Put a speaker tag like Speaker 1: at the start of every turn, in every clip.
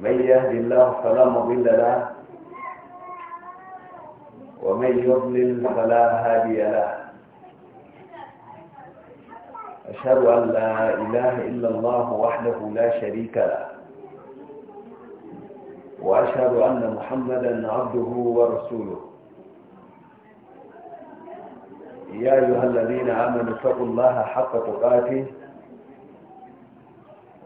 Speaker 1: من يهد الله فلا مضل له ومن يضلل فلا هادي له أشهد أن لا إله إلا الله وحده لا شريك له وأشهد أن محمدا عبده ورسوله يا أيها الذين آمنوا اتقوا الله حق تقاته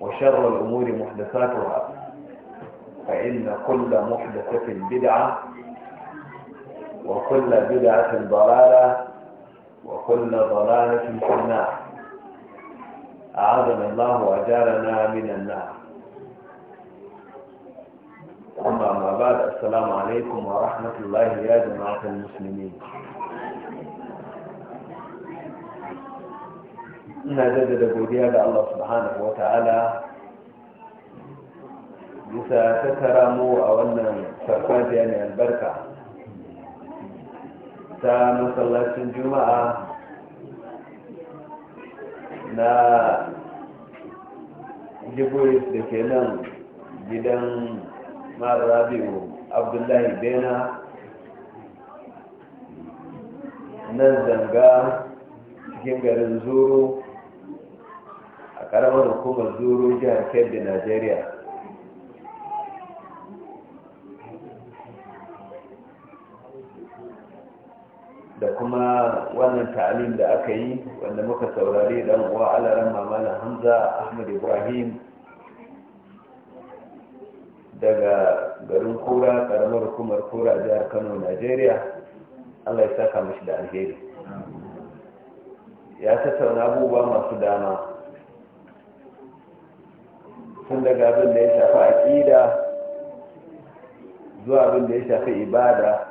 Speaker 1: وشر الأمور محدثاتها فإن كل محدثة بدعة وكل بدعة ضلالة وكل ضلالة في النار أعاذنا الله وأجارنا من النار أما ما بعد السلام عليكم ورحمة الله يا جماعة المسلمين ina jaddada godiya ga Allah subhanahu wa ta'ala bisa tattara mu a wannan farfajiya mai albarka ta masallacin juma'a na jiburis da ke nan gidan marabiu abdullahi bena nan zanga cikin garin zuru karamar hukumar zuru jihar kebbi najeriya da kuma wannan ta'alim da aka yi wanda muka saurari dan uwa alaran mamalan hamza ahmad ibrahim daga garin kura ƙaramar hukumar kura jihar kano najeriya allah ya saka mashi da alheri ya tattauna abubuwa masu dama tun daga abin da ya shafi aƙida zuwa abin da ya shafi ibada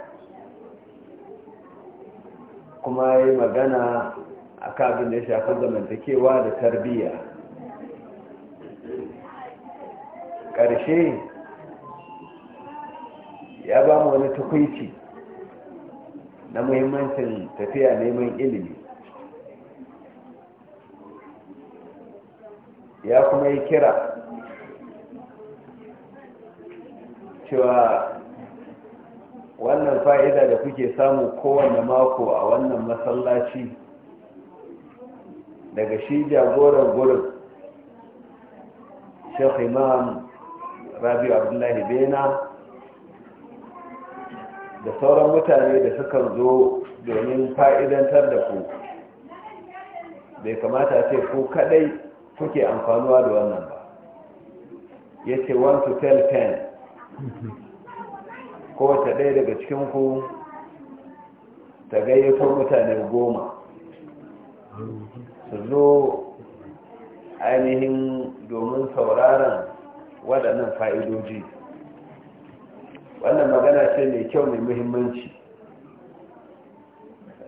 Speaker 1: kuma ya yi magana a kabin da ya shafi zamantakewa da tarbiyya ƙarshe ya ba mu wani tukwici na muhimmancin tafiya neman ilimi ya kuma yi kira cewa wannan fa'ida da kuke samu kowane mako a wannan masallaci daga shi jagoran gurin shekh imam rabi'u abdullahi bena da sauran mutane da suka zo domin fa'idantar da ku bai kamata ce ku kadai kuke amfanuwa da wannan ba ya ce 1 to 10 kowace ɗaya daga cikinku ta gayyato mutane goma su zo ainihin domin sauraron waɗannan fa'idoji wannan magana ce mai kyau mai muhimmanci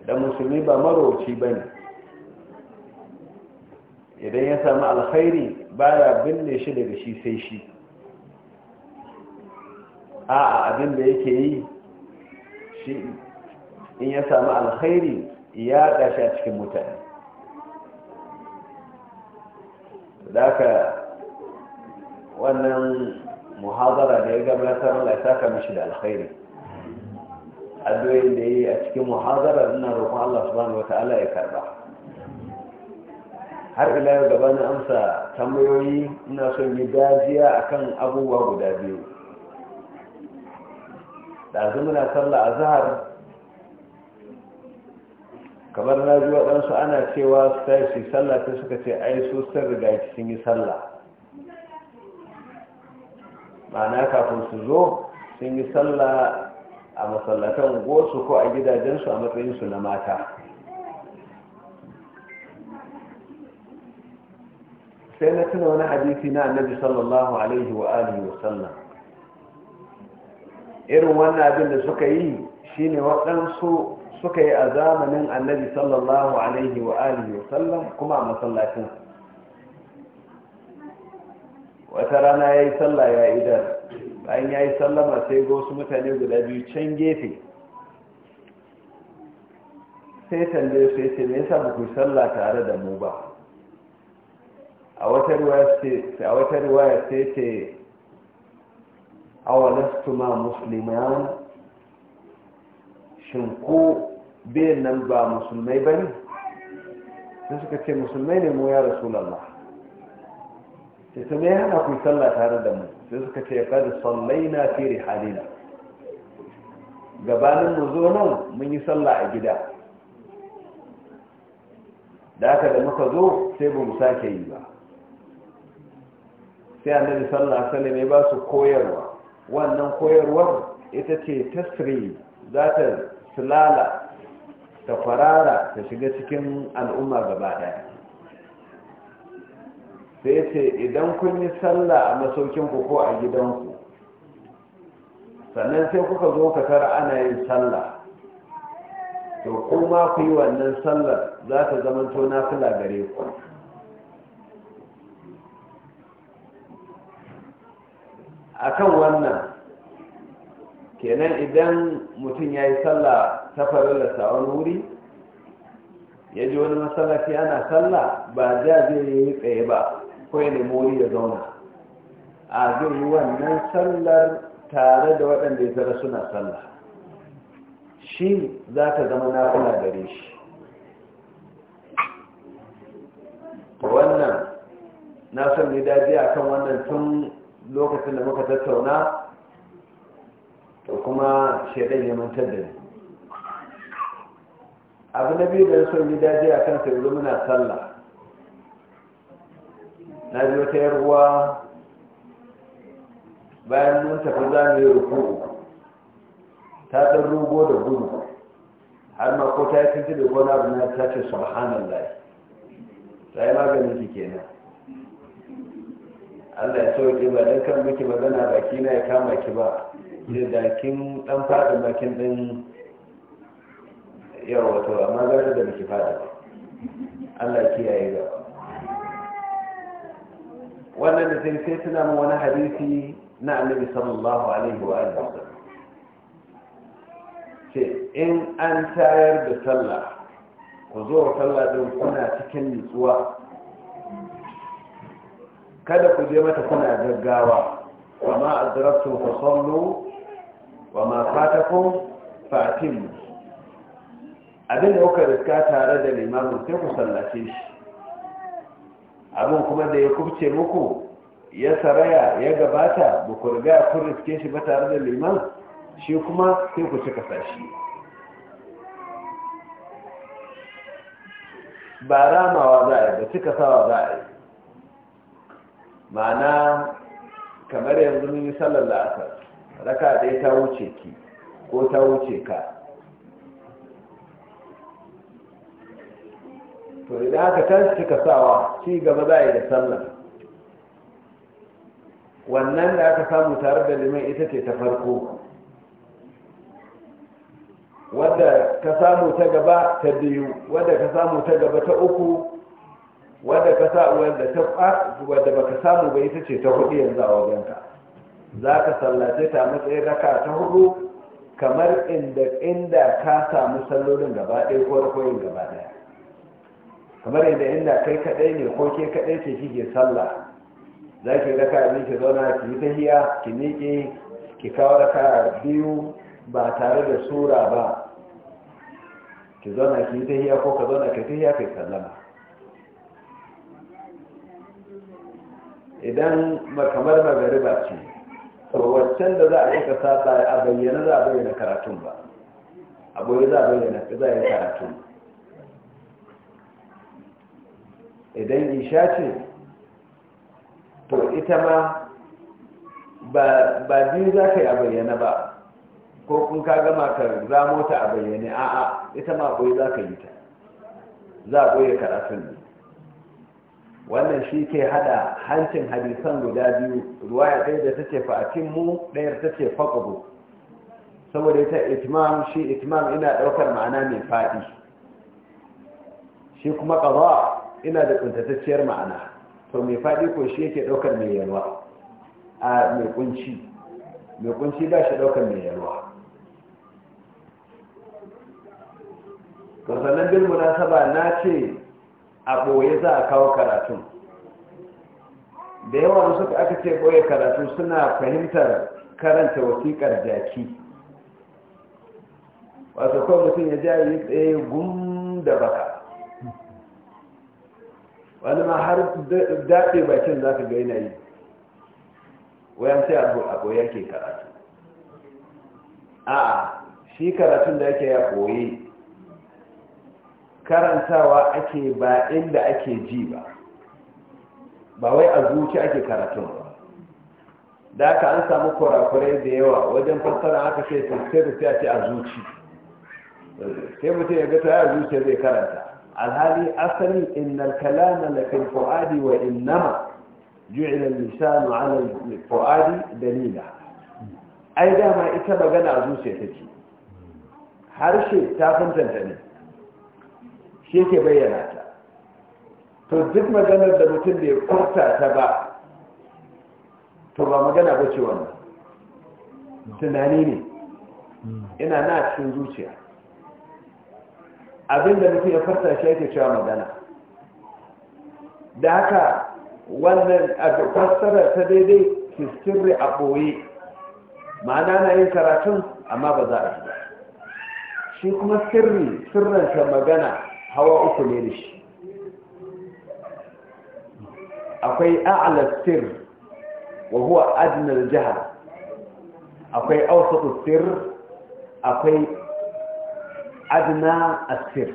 Speaker 1: da musulmi ba marauci ba ne idan ya sami alkhairi baya binne shi daga shi sai shi a'a abin da yake yi shi in ya samu alkhairi ya ɗashi a cikin mutane ka wannan muhazara da ya gabatar Allah ya saka mishi da alkhairi adoyin da yi a cikin muhazara ina roƙon Allah subhanahu wata'ala ya karba har ila yau gabanin amsa tambayoyi ina son yi dajiya akan abubuwa guda biyu ɗazu muna sallah a zahar kamar na ji waɗansu ana cewa su salla sallah ta suka ce ai su sun riga sun yi sallah ma'ana kafin su zo sun yi sallah a masallatan gosu ko a gidajensu a matsayinsu na mata sai na tuna wani hadisi na annabi sallallahu alaihi wa alihi wa sallam irin wannan abin da suka yi shi ne waɗansu suka yi a zamanin annabi sallallahu alaihi wa alihi wasallam kuma a masallacin wata rana ya yi sallah ya idar bayan ya yi sallama sai ga wasu mutane guda biyu can gefe sai tambaye su ya ce me yasa ba ku sallah tare da mu ba a wata riwaya sai ce awalastuma musliman shin ko biyan nan ba musulmai ba ne sun suka ce musulmai ne mu ya rasulallah sai ta mai hana kun sallah tare da mu sai suka ce kada sallai na fere halina gabanin mu zo nan mun yi sallah a gida da aka da muka zo sai ba mu sake yi ba sai annabi alaihi sallah ya ba su koyarwa wannan koyarwar ita ce tasiri za ta sulala ta farara ta shiga cikin al'umma gaba daya sai ce idan kun yi sallah a masaukinku ko a gidanku sannan sai kuka zo ka tara ana yin sallah to kuma ku yi wannan sallar za ta zama tona fila gare ku akan wannan kenan idan mutum ya yi sallah ta farillasa wani wuri ya ji wani masallaci ana sallah ba ja zai yi tsaye ba ko ya nemi ya zauna a zai yi wannan sallar tare da waɗanda ya zara suna sallah shi za ta zama nafula gare shi wannan na son yi daji akan wannan tun lokacin da muka tattauna to kuma shaidan ya mantar da ni abu na biyu da ya son yi daji a kan sai muna sallah na ji wata yarwa bayan mun tafi za mu yi ruku ta ɗan rugo da gudu har ma ko ta yi tuntu da gona abu na ta ce subhanallah ta yi maganin ki kenan Allah ya sauke ba dan kan miki magana baki na ya kama ki ba da dakin dan fada bakin din yawa amma gare da miki fada Allah kiyaye ga wannan da sai sai tuna mu wani hadisi na annabi sallallahu alaihi wa alihi ce in an tayar da sallah ku zo sallah din kuna cikin nutsuwa kada ku je mata kuna gaggawa wa ma azrabtum fa sallu wa ma fatakum fa atimmu abin da kuka riska tare da limamin sai ku sallace shi abin kuma da ya kubce muku ya saraya ya gabata ba ku riga kun riske shi ba tare da liman shi kuma sai ku cika sashi ba ramawa za a yi ba cika sawa za ma'ana kamar yanzu mun yi sallar la'asar raka ɗaya ta wuce ki ko ta wuce ka to idan aka shi ka sawa ci gaba za a yi da sallar wannan da aka samu tare da liman ita ce ta farko wadda ka samu ta gaba ta biyu wadda ka samu ta gaba ta uku wadda ka sa wadda ta wadda baka samu ba ita ce ta hudu yanzu a wajenka za ka sallace ta matsayin raka ta hudu kamar inda inda ka samu sallolin gaba ɗaya ko rakoyin gaba ɗaya kamar inda inda kai kaɗai ne ko ke kaɗai ce kike sallah za ki raka abin ki zauna ki yi tahiya ki miƙe ki kawo raka biyu ba tare da sura ba ki zauna ki yi tahiya ko ka zauna ka tahiya kai sallama idan kamar magariba ce to da za a yanka sata a bayyana za a bayyana karatun ba a za a bayyana za a yi karatun idan isha ce to ita ma ba biyu za ka yi a bayyana ba ko kun ka gama ka zamo ta a bayyane a'a ita ma boye za ka yi ta za a boye karatun ne wannan shi ke hada hancin hadisan guda biyu ruwaya ɗaya da ta ce fa'atimmu ɗayar ta ce faƙabu saboda ita itimam shi itimam ina ɗaukar ma'ana mai faɗi shi kuma ƙaba ina da ƙuntatacciyar ma'ana to mai faɗi ko shi yake ɗaukar mai yalwa a mai ƙunci, mai ƙunci ba shi ɗaukar mai yalwa to sannan bin munasaba na ce a ɓoye za a kawo karatun da yawa da suka aka ce ɓoye karatu suna fahimtar karanta wasiƙar jaki wasu kawai mutum ya ja yi tsaye gun da baka wani ma har daɗe bakin za ka gaina yi wayan sai a ɓoye ke karatu a shi karatun da yake ya ɓoye karantawa ake ba inda ake ji ba ba wai a zuci ake karatun ba da aka an samu kurakurai da yawa wajen fassara aka ce tafsir sai a ce a zuci sai mutum ya ta a zuci zai karanta alhali asali innal kalama la fil fuadi wa innama ju'ila al-lisanu 'ala al-fuadi dalila ai dama ita magana a zuciya take harshe ta tantance ne shi ke bayyana ta to duk maganar da mutum bai kwarta ta ba to ba magana ba ce wannan tunani ne ina na cikin zuciya abinda mutum ya farta shi yake cewa magana da haka wannan fassara ta daidai fiskirri a ɓoye ma'ana na yin karatun amma ba za a ba shi kuma sirri sirranta magana hawa uku ne da shi akwai a'la sir wa huwa adnal al akwai awsat sir akwai adna asir. sir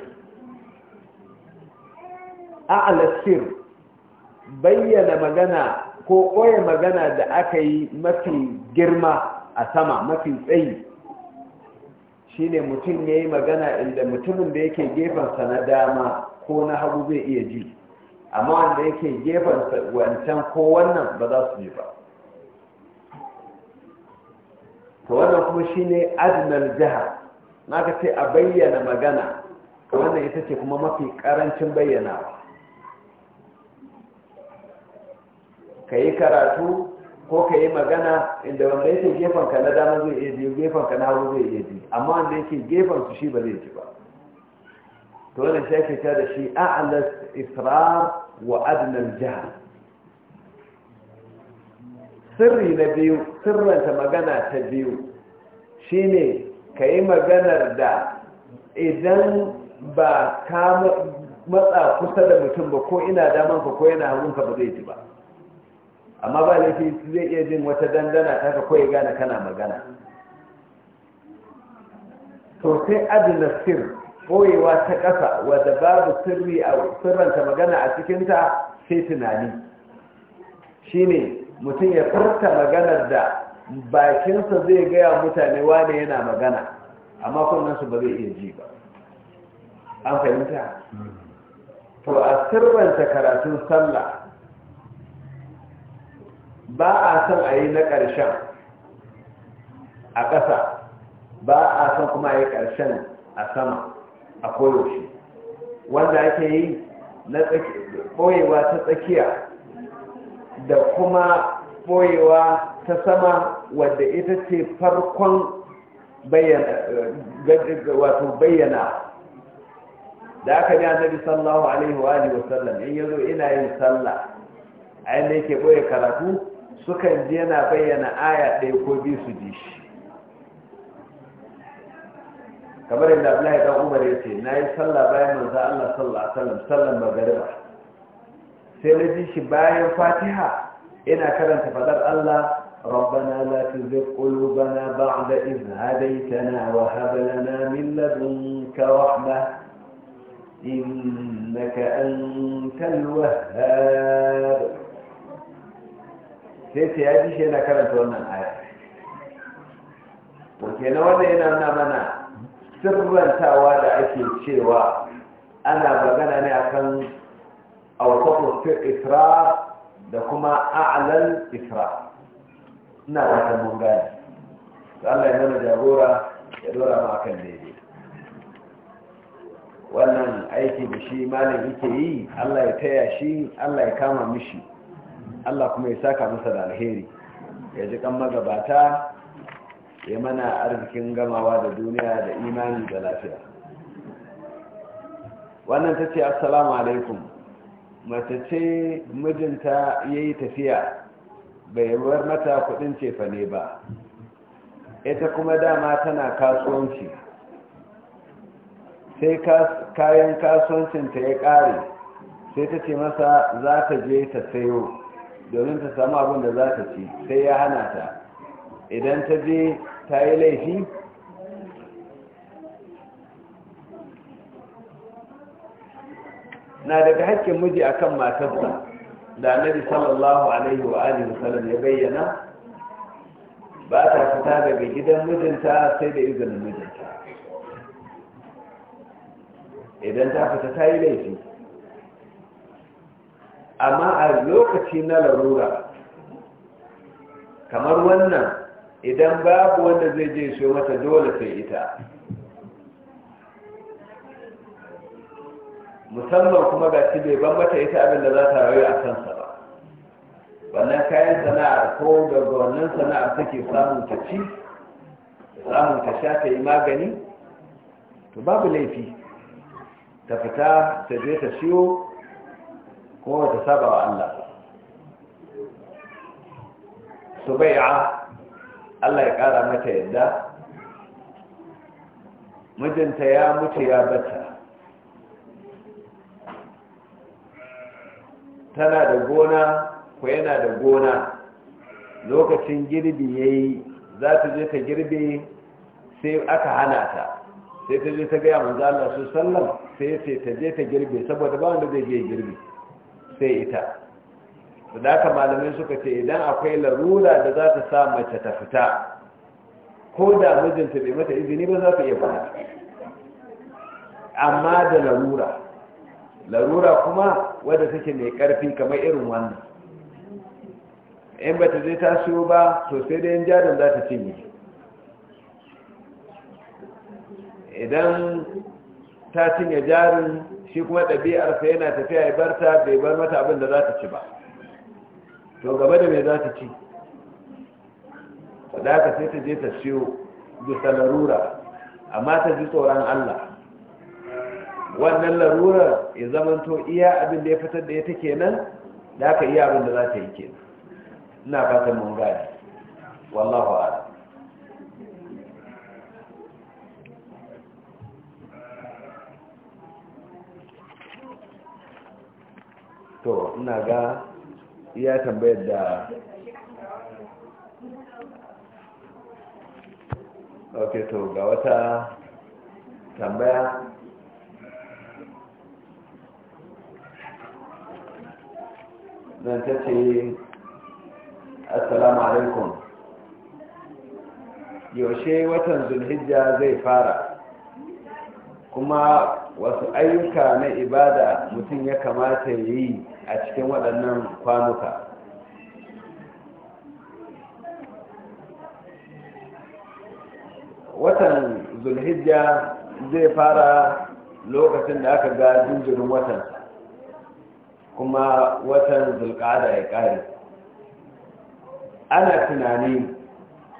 Speaker 1: a'la bayyana magana ko koya magana da aka yi mafi girma a sama mafi tsayi shine mutum ya yi magana inda mutumin da yake gefensa na dama ko na hagu zai iya ji amma wanda yake gefansa wancan ko wannan ba za su ji ba to wannan kuma shine adnan jiha na ka ce a bayyana magana wannan ita ce kuma mafi karancin bayyanawa ka yi karatu ko ka yi magana inda wanda yake gefen ka na dama zai iya biyu gefen ka na hagu zai iya biyu amma wanda yake gefen su shi ba zai ji ba to wannan shi ake ta da shi a'ala israr wa adnal jahal sirri na biyu sirranta magana ta biyu shine ka yi maganar da idan ba ka matsa kusa da mutum ba ko ina damanka ko yana hagunka ba zai ji ba amma ba laifi zai iya jin wata dandana ta ka kawai gane kana magana to sai adana sir koyewa ta ƙasa wadda babu sirri a sirranta magana a cikinta sai tunani shine mutum ya furta maganar da bakinsa zai gaya mutane wane yana magana amma kunansu ba zai iya ji ba an fahimta hmm. to a sirranta karatun sallah ba a san a yi na ƙarshen a ƙasa ba a san kuma a yi ƙarshen a sama a koyaushe wanda ake yi na ɓoyewa ta tsakiya da kuma ɓoyewa ta sama wadda ita ce farkon bayyana da aka ji annabi sallallahu alaihi wa sallam in yazo ina yin sallah a yadda yake boye karatu suka ji yana bayyana aya ɗaya ko bi su ji shi kamar yadda abdullahi dan umar ya ce na sallah bayan manzo allah sallallahu alaihi wasallam sallan magariba sai na ji shi bayan fatiha ina karanta fadar allah ربنا لا تزغ قلوبنا بعد إذ هديتنا وهب لنا من لدنك رحمة إنك أنت الوهاب sai sai ya ji shi yana karanta wannan aya wake na wannan yana nuna mana sirrantawa da ake cewa ana magana ne akan awsatu isra da kuma A'alal isra ina da mun gane Allah ya nuna jagora ya dora ma akan daidai wannan aiki da shi malin yake yi Allah ya taya shi Allah ya kama mishi Allah kuma ya saka masa da alheri ya ji kan magabata ya mana arzikin gamawa da duniya da imani da lafiya wannan ta ce assalamu alaikum mace ce mijinta ya yi tafiya bai war mata kudin cefane ba ita kuma dama tana kasuwanci sai kayan kasuwancinta ya kare sai ta ce masa za ta je ta sayo domin ta samu abin da za ta ci sai ya hana ta idan ta je ta yi laifi na daga hakkin miji akan matarsa da annabi sallallahu alaihi wa alihi wasallam ya bayyana ba ta fita daga gidan mijinta sai da izinin mijinta idan ta fita ta yi laifi amma a lokaci na larura kamar wannan idan babu wanda zai je so mata dole sai ita musamman kuma ga shi bai ban mata ita abin da za ta rayu a kansa ba wannan kayan sana'ar ko daga wannan sana'ar take samun ta ci samun ta sha ta yi magani to babu laifi ta fita ta je ta siyo kuma ta saba wa Allah subai'a Allah ya ƙara mata yadda mijinta ya mutu ya bata tana da gona ko yana da gona lokacin girbi ya yi za ta je ta girbe sai aka hana ta sai ta je ta gaya manzo Allah su sallam sai ta je ta girbe saboda ba wanda zai je girbe sai ita su daga malamai suka ce idan akwai larura da za ta sa mace ta fita ko da mijinta bai mata izini ba za ta iya fita amma da larura larura kuma wadda take mai karfi kamar irin wannan in ba ta je ta siyo ba to sai da yin jarin za ta cinye idan ta cinye jarin shi kuma ɗabi'arsa yana tafiya ya barta bai bar mata abin da za ta ci ba to gaba da mai za ta ci da sai ta je ta siyo bisa larura amma ta ji tsoron allah wannan larurar ya zamanto iya abin da ya fitar da ya ta kenan da aka iya abin da za ta yi kenan ina fatan mun gani wallahu a'lam to ina ga iya tambayar da ok to ga wata tambaya zan ta ce assalamu alaikum yaushe watan zulhijja zai fara kuma wasu ayyuka na ibada mutum ya kamata ya yi a cikin waɗannan kwanuka watan zulhijja zai fara lokacin da aka ga jinjirin watan kuma watan zulƙada ya ƙare ana tunani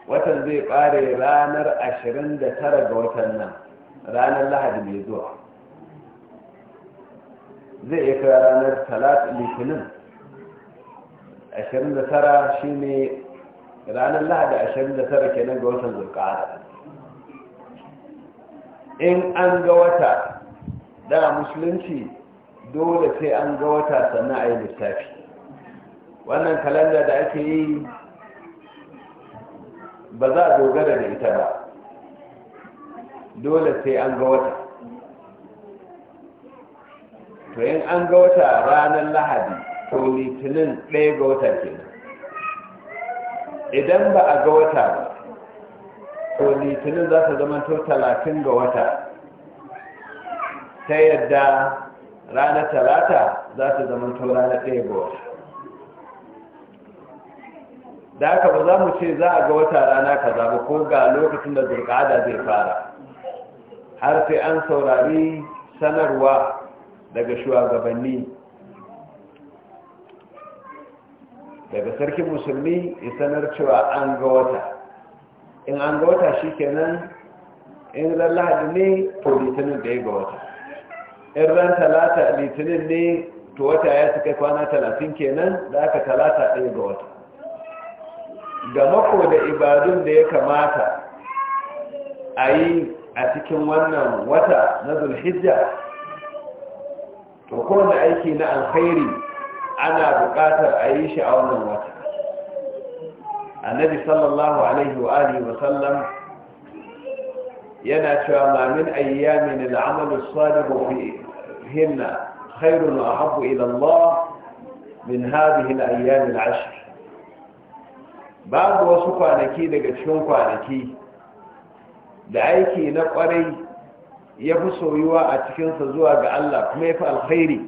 Speaker 1: watan zai ƙare ranar ashirin da tara ga watan nan ranar lahadi mai zuwa zai iya kira ranar talat litinin 29 shi ne ranar lahadi 29 kenan ga watan zurkara in an ga wata da musulunci dole sai an ga wata sannan a yi lissafi wannan kalanda da ake yi ba za a dogara da ita ba dole sai an ga wata to yin an ga wata ranar lahadi to litinin ɗaya ga wata ke idan ba a ga wata ba to litinin za ta zama to talatin ga wata ta yadda ranar talata za ta zama to ranar ɗaya ga wata da haka ba za mu ce za a ga wata rana ka ba ko ga lokacin da zurƙada zai fara har sai an saurari sanarwa daga shugabanni daga sarki musulmi ya sanar cewa an ga wata in an ga wata shi kenan in ran lahadi ne to litinin da ya ga wata in ran talata litinin ne to wata ya su kai kwana talatin kenan da aka talata ɗaya ga wata da mako da ibadun da ya kamata a yi a cikin wannan wata na zulhijja to kowane aiki na alkhairi ana buƙatar a yi shi a wannan wata annabi sallallahu alaihi wa alihi wa sallam yana cewa ma min ayyamin al'amalu salihu fi hinna khairun wa ahabbu ila Allah min hadhihi al-ayyam al-ashr babu wasu kwanaki daga cikin kwanaki da aiki na kwarai ya fi soyuwa a cikinsa zuwa ga Allah kuma ya fi alkhairi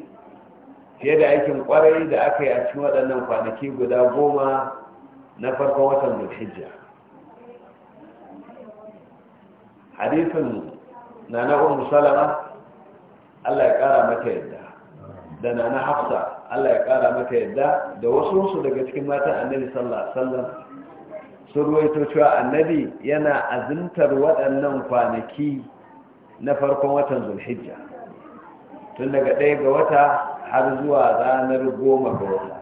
Speaker 1: fiye da aikin kwarai da aka yi a cikin waɗannan kwanaki guda goma na farkon watan zulhijja Hadithin na na Umar salama Allah ya ƙara mata yadda da na na hafsa Allah ya ƙara mata yadda da wasu su daga cikin matan annabi sallallahu alaihi wasallam sun ruwaito cewa annabi yana azumtar waɗannan kwanaki na farkon watan zulhijja tun daga ɗaya ga wata har zuwa ranar goma ga wata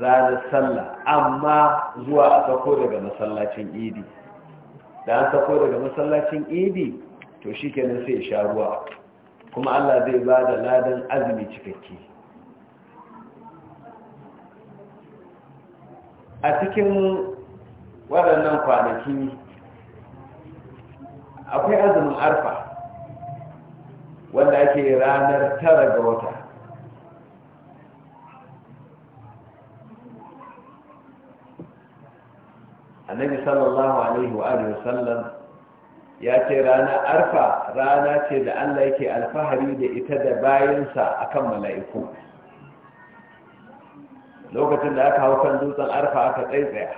Speaker 1: ranar sallah amma zuwa a sako daga masallacin idi da an sako daga masallacin idi to shi kenan sai sha ruwa kuma allah zai ba da ladan azumi cikakke a cikin waɗannan kwanaki akwai azumin arfa wanda ake ranar tara ga wata annabi sallallahu alaihi wa alihi ya ce rana arfa rana ce da Allah yake alfahari da ita da bayansa akan mala'iku lokacin da aka hau kan dutsen arfa aka tsaitsaya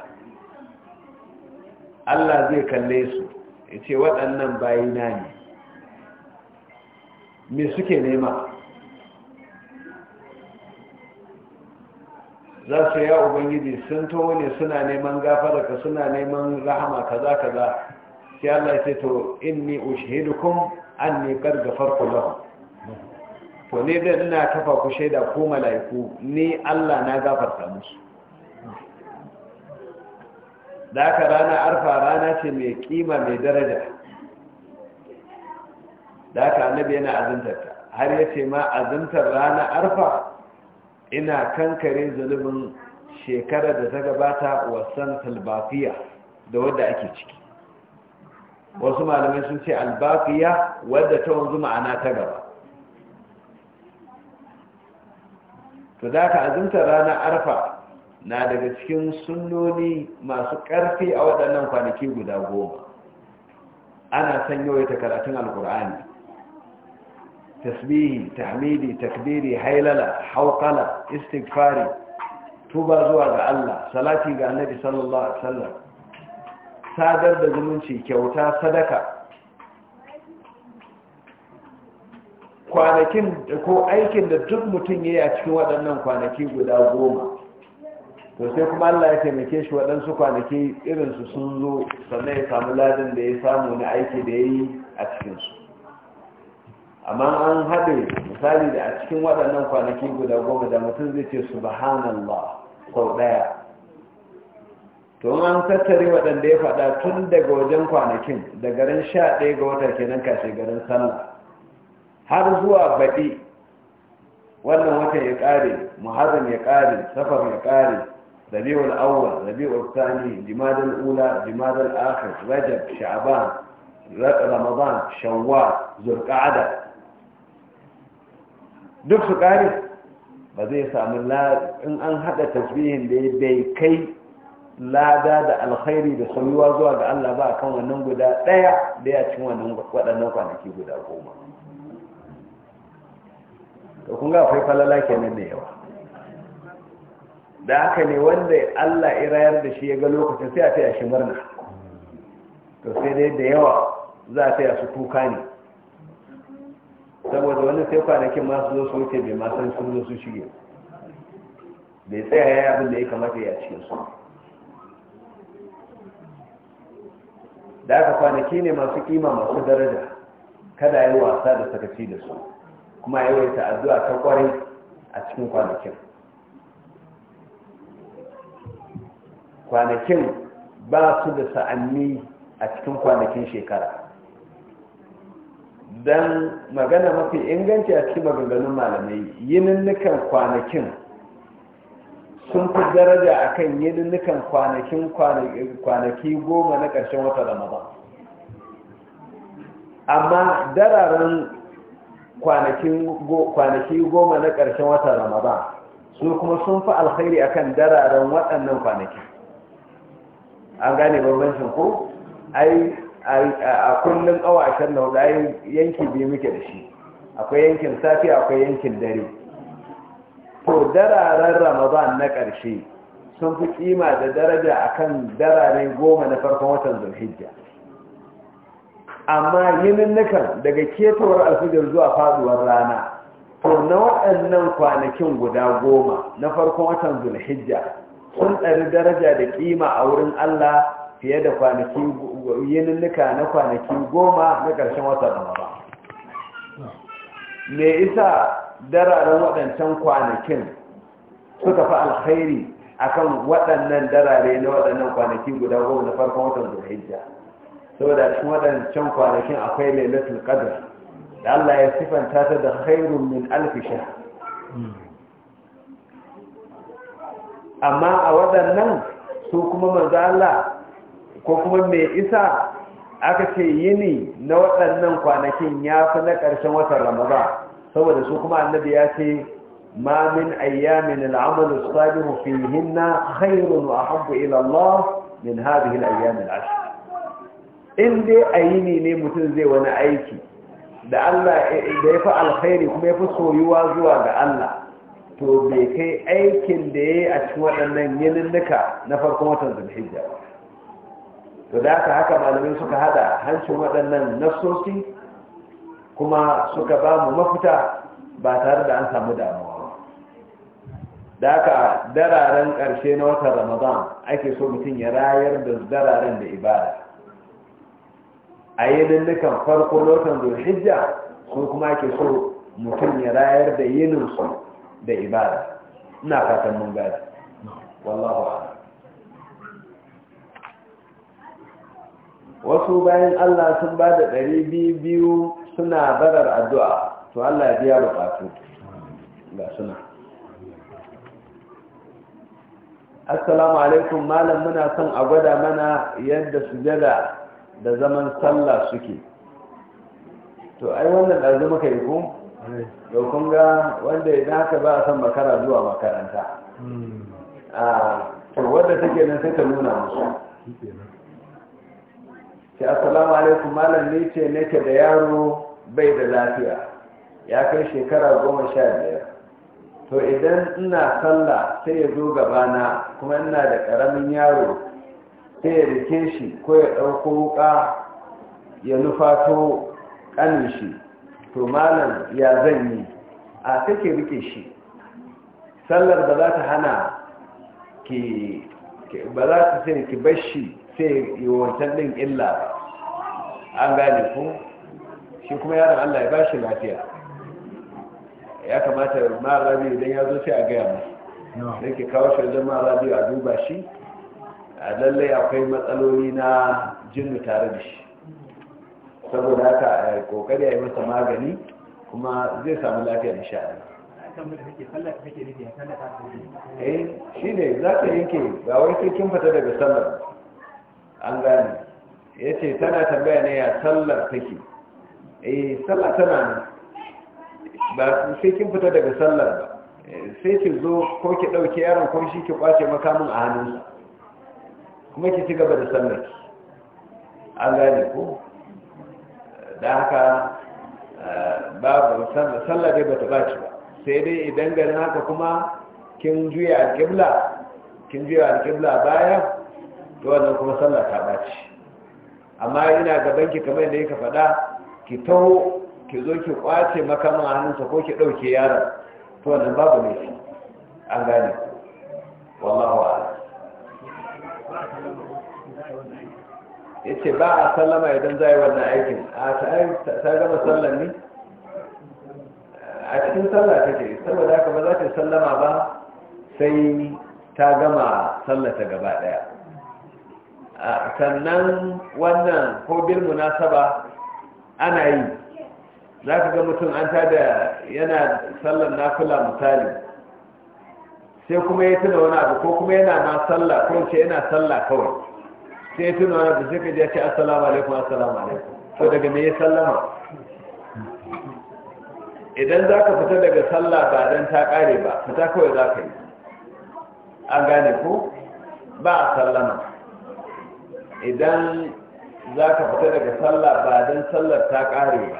Speaker 1: Allah zai kalle su ya ce waɗannan bayina ne me suke nema za su ya ubangiji sun towo ne suna neman gafararka suna neman rahama kaza kaza sai Allah ya ce to inni ushidukum anni qad ghafartu lahum to ne da ina kafa ku shaida ko mala'iku ni Allah na gafarta musu da ka rana arfa rana ce mai kima mai daraja da haka annabi yana azumtar ta har ya ce ma azumtar rana arfa ina kankare zunubin shekarar da ta gabata wasan talbafiya da wadda ake ciki wasu malamai sun ce albafiya wadda ta wanzu ma'ana ta gaba to da ka azumtar rana arfa na daga cikin sunnoni masu ƙarfi a waɗannan kwanaki guda goma ana son yawaita karatun alkur'ani tasbihi tahmidi takbiri hailala hauƙala istighfari tuba zuwa ga Allah salati ga annabi sallallahu alaihi wasallam sadar da zumunci kyauta sadaka kwanakin ko aikin da duk mutum yayi a cikin waɗannan kwanaki guda goma to sai kuma Allah ya taimake shi waɗansu kwanaki irinsu sun zo sannan ya samu ladin da ya samu na aiki da ya yi a cikinsu amma an haɗe misali da a cikin waɗannan kwanaki guda goma da mutum zai ce subhanallah sau ɗaya to an tattare waɗanda ya faɗa tun daga wajen kwanakin da garin sha ɗaya ga wata kenan kashe garin sallah har zuwa baɗi wannan watan ya ƙare muharram ya ƙare safar ya ƙare rabi'ul awwal rabi'ul thani jimadal ula jimadal akhir rajab sha'ban ramadan shawwal zulqa'dah duk su ƙari ba zai samu in an haɗa tasbihin da ya bai kai lada da alkhairi da sauyuwa zuwa ga Allah ba kan wannan guda ɗaya, da ya cin wannan waɗannan kwanaki guda goma to kun ga akwai falala kenan da yawa da haka ne wanda Allah irayar da shi ya ga lokacin sai a taya shi murna to sai dai da yawa za a taya su kuka ne wani sai kwanakin masu zo su wuce bai masan sun zo su shige bai tsaya ya abin da ya kamata ya cikin su da aka kwanaki ne masu kima masu daraja kada yi wasa da sakaci da su kuma yawaita addu'a ta kwari a cikin kwanakin kwanakin ba su da sa'anni a cikin kwanakin shekara don magana mafi inganci a cikin maganganun malamai yininnikan kwanakin sun fi daraja a kan yininnukan kwanakin kwanaki goma na ƙarshen wata ramadan amma dararen kwanaki goma na ƙarshen wata ramadan su kuma sun fi alkhairi akan dararen waɗannan kwanaki an gane babbancin ko ai a kullum awa ashirin da hudu yanki biyu muke da shi akwai yankin safi akwai yankin dare to dararen ramadan na ƙarshe sun fi kima da daraja a kan dararen goma na farkon watan zulhijja amma yi daga ketowar alfijir zuwa faduwar rana to na waɗannan kwanakin guda goma na farkon watan zulhijja sun ɗari daraja da kima a wurin allah fiye da kwanaki yinilluka na kwanaki goma na ƙarshen watan ramadan me isa dararen waɗancan kwanakin suka fi alkhairi akan waɗannan darare na waɗannan kwanaki guda goma na farkon watan zulhijja saboda cikin waɗancan kwanakin akwai lailatul qadr da Allah ya sifanta ta da khairun min alfisha. amma a waɗannan su kuma manzo Allah ko kuma me isa aka ce yini na waɗannan kwanakin ya fi na ƙarshen watan ramadan saboda su kuma annabi ya ce ma min ayyamin al'amal as-salihu fihinna khairun wa ahabbu ila Allah min hadhihi al ayyamin ashr in dai ayini ne mutum zai wani aiki da Allah da ya fi alkhairi kuma ya fi soyuwa zuwa ga Allah to bai kai aikin da ya yi a cikin waɗannan yininnika na farkon watan zulhijja ba to da aka haka malamai suka hada hancin waɗannan nafsosi kuma suka ba mu mafita ba tare da an samu damuwa ba da haka dararen ƙarshe na watan ramadan ake so mutum ya rayar da dararen da ibada a yininnukan farko zuwa hijja, sun kuma ake so mutum ya rayar da yininsu da ibada ina fatan mun gada wallahu a'lam wasu bayan Allah sun ba da ɗari biyu suna barar addu'a to Allah ya biya buƙatu ga suna assalamu alaikum malam muna son a gwada mana yadda su jada da zaman sallah suke to ai wannan ɗazu muka yi kun da ga wanda ya haka ba a son makara zuwa makaranta hmm. ah, To wadda take nan sai ta nuna musu ce assalamu alaikum malam ni ce nake da yaro bai da lafiya ya kai shekara goma sha biyar to idan ina sallah sai ya zo gabana kuma ina da ƙaramin yaro sai ya rike shi ko ya ɗauko wuƙa ya nufato ƙanin shi to malam ya zan yi a take rike shi sallar ba za ta hana ki ba za ta sai ki bar shi sai yi wancan ɗin illa an gane ku shi kuma yaron allah ya ba shi lafiya ya kamata ma'arabi idan ya zo sai a gaya masu da ke kawo shi wajen mara a duba shi a lallai akwai matsaloli na jinnu tare da shi saboda haka a kokari a yi masa magani kuma zai samu lafiya da sha'ani eh shi ne za ka yanke ba wai sai kin fita daga sallar an gani ya ce tana tambaya ne ya sallar take eh sallar tana nan ba su sai kin fita daga sallar ba eh, sai ki zo ko ki ɗauki yaron ko shi ki kwace makamin a hannunsa kuma ki ci gaba da sallar ki an gani ko da haka eh, babu sallar dai bata ba ba sai dai idan ganin haka kuma kin juya alƙibla kin juya alƙibla baya to wannan kuma sallah ta ɓaci amma ina gaban ki kamar yadda yake faɗa ki taho ki zo ki kwace makaman hannunsa ko ki ɗauke yaron to wannan babu shi an gane wallahu a'lam yace ba a sallama idan za yi wannan aikin a ta gama sallan ne a cikin sallah take saboda haka ba za ta sallama ba sai ta gama sallata gaba daya sannan wannan ko bil munasaba ana yi za ka ga mutum an tada yana sallar nafula misali sai kuma ya tuna wani abu ko kuma yana ma sallah ko ce yana sallah kawai sai ya tuna wani abu sai ka je ce assalamu alaikum assalamu alaikum ko daga me ya sallama idan za ka fita daga sallah ba don ta kare ba fita kawai za ka yi an gane ko ba a sallama idan za ka fita daga sallah ba don sallar ta ƙare ba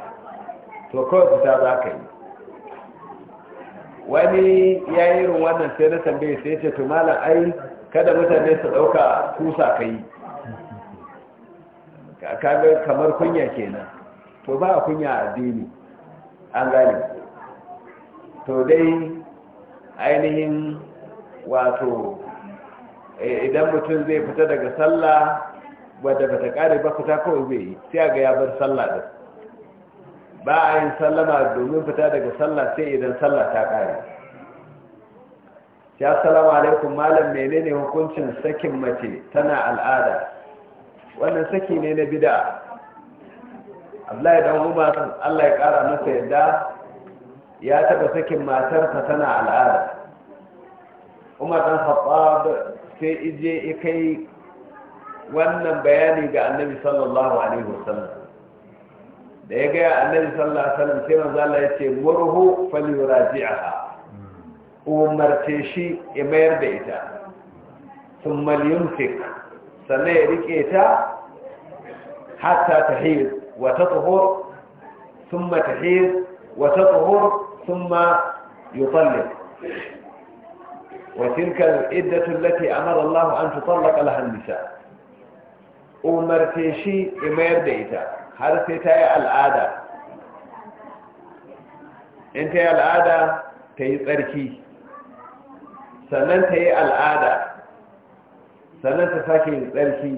Speaker 1: to kawai fita za ka yi wani ya yi irin wannan sai na tambaye sai ce malam ai kada mutane su ɗauka kusa ka yi kaga kamar kunya kenan to ba a kunya a addini an gane to dai ainihin wato eh, idan mutum zai fita daga sallah wadda ba ta kare ba fita kawai zai yi sai ga ya bar sallah da ba a yin sallama domin fita daga sallah sai idan sallah ta kare ya salamu alaikum malam menene hukuncin sakin mace tana al'ada wannan saki ne na bida Abdullahi dan Umar Allah ya kara masa yadda
Speaker 2: ya taɓa sakin matarsa tana al'ada
Speaker 1: Umar dan Khattab sai ije kai wannan bayani ga annabi sallallahu alaihi wasallam da ya gaya annabi sallallahu alaihi wasallam sai manzo Allah ya ce murhu falyuraji'aha umarce shi ya mayar da ita thumma yumsik sannan ya rike ta hatta tahir wa tathur thumma tahir wa tathur thumma yutalliq وتلك العدة التي أمر الله أن تطلق لها النساء umarce shi ya mayar da ita har sai ta yi al'ada in ta yi al'ada ta yi tsarki sannan ta yi al'ada sannan ta sake yin tsarki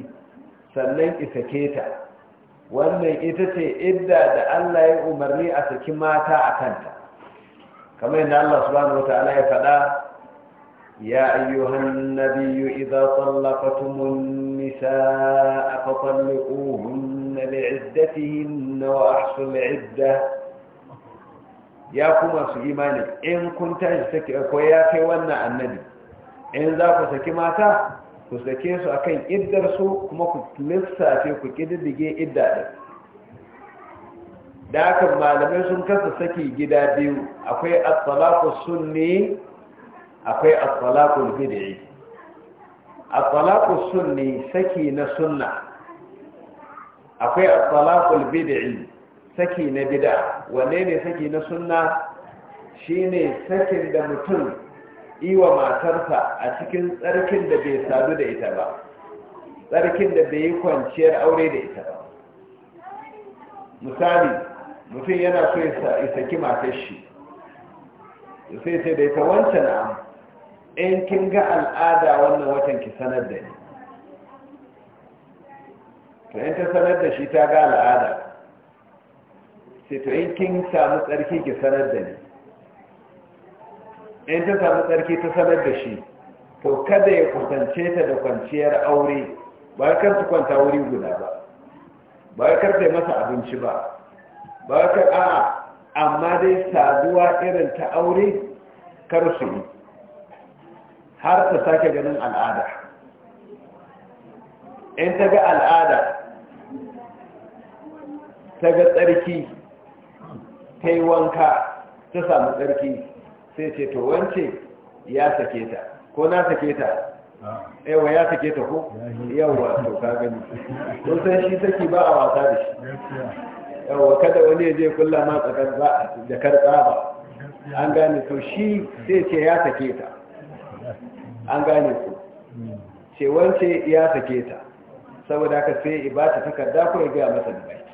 Speaker 1: sannan isake ta wannan ita ce idda da Allah ya umarni a saki mata a kanta kamar yadda Allah subhanahu wa ta'ala ya faɗa يا أيها النبي إذا طلقتم النساء فطلقوهن لعدتهن وأحصوا العدة ya kuma su imani in kun tashi sake ko ya kai wannan annabi in za ku saki mata ku sake su akan iddar su kuma ku lissafe ku kididdige idda ɗin da aka malamai sun kasa saki gida biyu akwai atsalaku sunni akwai as-salaqul bid'i as sunni saki na sunna akwai as-salaqul bid'i saki na bid'a wanne ne saki na sunna shine sakin da mutum iwa matarsa a cikin tsarkin da bai sadu da ita ba tsarkin da bai yi kwanciyar aure da ita ba misali mutum yana so ya saki matar shi sai sai da ita wancan amma in kin ga al'ada wannan watan ki sanar da ni to in ta sanar da shi ta ga al'ada sai to in kin samu tsarki ki sanar da ni in ta samu tsarki ta sanar da shi to kada ya kusance ta da kwanciyar aure ba kar su kwanta wuri guda ba ba kar ta masa abinci ba ba kar a amma dai saduwa irin ta aure kar su yi har ta sake ganin al'ada in ta ga al'ada ta ga tsarki ta yi wanka ta samu tsarki sai ce to wance ya sake ta ko na sake ta yawa ya sake ta ko yawa to ka
Speaker 2: gani don san shi saki ba a wasa da shi
Speaker 1: yawa kada wani ya je kulla ma tsakar da karɓa ba an gane to shi sai ce ya sake ta an gane ku ce wance ya sake ta saboda haka sai ibata takarda ko ya gaya masa da baki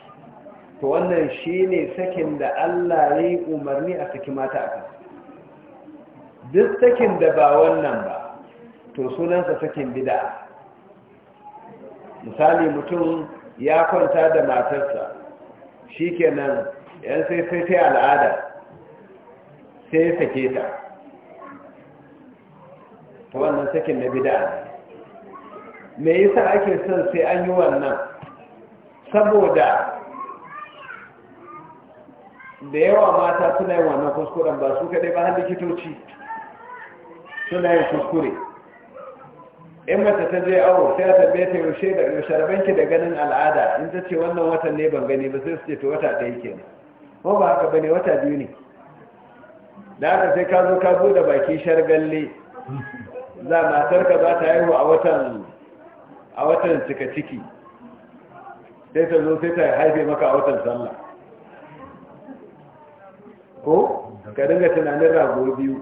Speaker 1: to wannan shine sakin da Allah ya yi umarni a saki mata a duk sakin da ba wannan ba to sunansa sakin bida misali mutum ya kwanta da matarsa shikenan yan sai sai sai al'ada sai sake ta ta wannan sakin na bida me yasa ake son sai an yi wannan saboda da yawa mata suna yin wannan kuskuren ba su kaɗai ba har likitoci suna yin kuskure in mata ta je awo sai ta biya ta yaushe da yaushe ki da ganin al'ada in ta ce wannan watan ne ban gani ba sai su ce ta wata ɗaya ke ko ba haka ba ne, wata biyu ne da haka sai ka zo ka da baki shargalle za matarka za ta haihu a watan cika ciki sai ta zo sai ta haife maka a watan sallah ko ka dinga tunanin rago biyu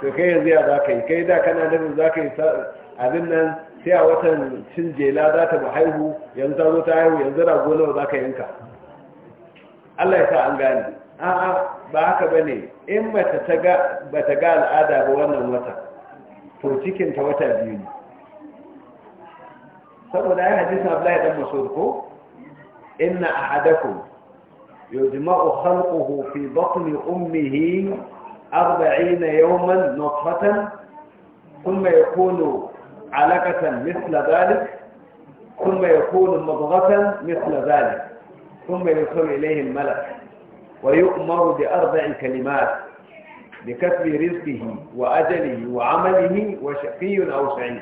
Speaker 1: ka kai yanzu ya za ka yi kai da kana da za ka yi abin nan sai a watan cin jela za ta haihu yanzu ta zo ta haihu yanzu rago nawa za ka yanka Allah ya sa an gane a'a ba haka ba ne. in ba ta ga al'ada ba wannan watan. to ta wata biyu ne saboda ya hadisun abdullahi dan masud ko inna ahadakum yujma'u khalquhu fi batni ummihi 40 yawman nutfatan thumma yakunu 'alaqatan mithla dhalik thumma yakunu mudghatan mithla dhalik thumma yusul ilayhi al-malak ويؤمر بأربع كلمات بكسب رزقه وأجله وعمله وشقي أو سعيد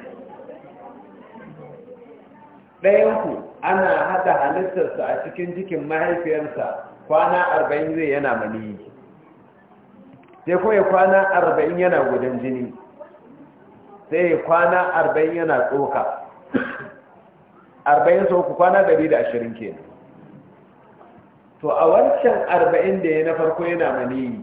Speaker 1: ɗayanku ana haɗa halittarsa a cikin jikin mahaifiyarsa kwana arba'in zai yana maniyi sai kawai kwana arba'in yana gudan jini sai kwana arba'in yana tsoka arba'in sau ku kwana ashirin ke to a wancan arba'in da ya na farko yana maniyi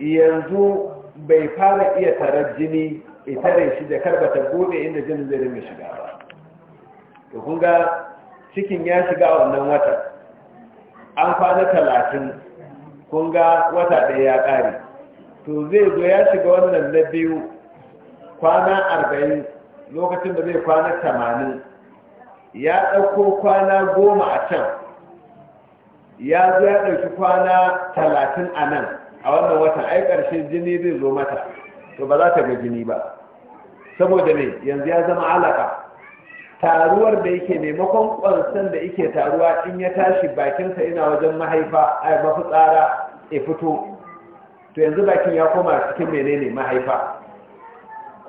Speaker 1: yanzu bai fara iya tarar jini tare shi da karbata gobe inda jini zai rinka shiga ba to kun ga cikin ya shiga a wannan watan an kwana talatin kun ga wata ɗaya ya ƙare to zai zo ya shiga wannan na biyu kwana arba'in lokacin da zai kwana tamanin ya ɗauko kwana goma a can ya zo ya ɗauki kwana talatin a nan a wannan watan ai karshe jini zai zo mata to ba za ta ga jini ba saboda me yanzu ya zama alaka taruwar da yake maimakon kwansan da yake taruwa in ya tashi bakinsa ina wajen mahaifa a mafitsara e fito to yanzu bakin ya koma cikin menene mahaifa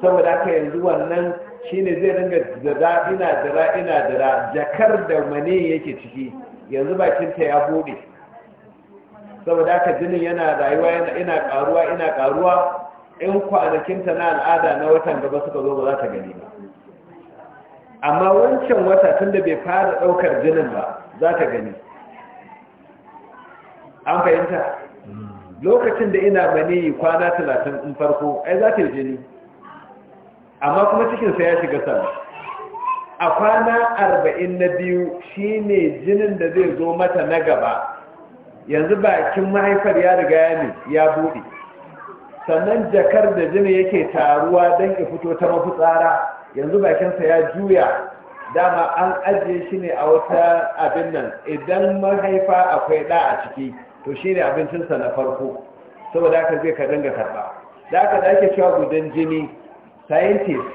Speaker 1: saboda haka yanzu wannan shine zai ringa dara ina dara ina dara jakar da mane yake ciki yanzu bakinta ya bude saboda haka jinin yana rayuwa yana ina karuwa ina karuwa in kwanakinta na al'ada na watan gaba suka zo ba za ta gani ba amma wancan wata tunda bai fara daukar jinin ba za ta gani an fahimta lokacin da ina maniyi kwana talatin in farko ai za ta yi jini amma kuma cikinsa ya shiga sama a kwana arba'in na biyu shine jinin da zai zo mata na gaba yanzu bakin mahaifar ya riga ya ne ya buɗe sannan jakar da jini yake taruwa don ya fito ta mafitsara yanzu bakinsa ya juya dama an ajiye shi ne a wata abin nan idan mahaifa akwai ɗa a ciki to shi ne abincinsa na farko saboda haka zai ka dinga karɓa da haka da ake cewa gudan jini scientist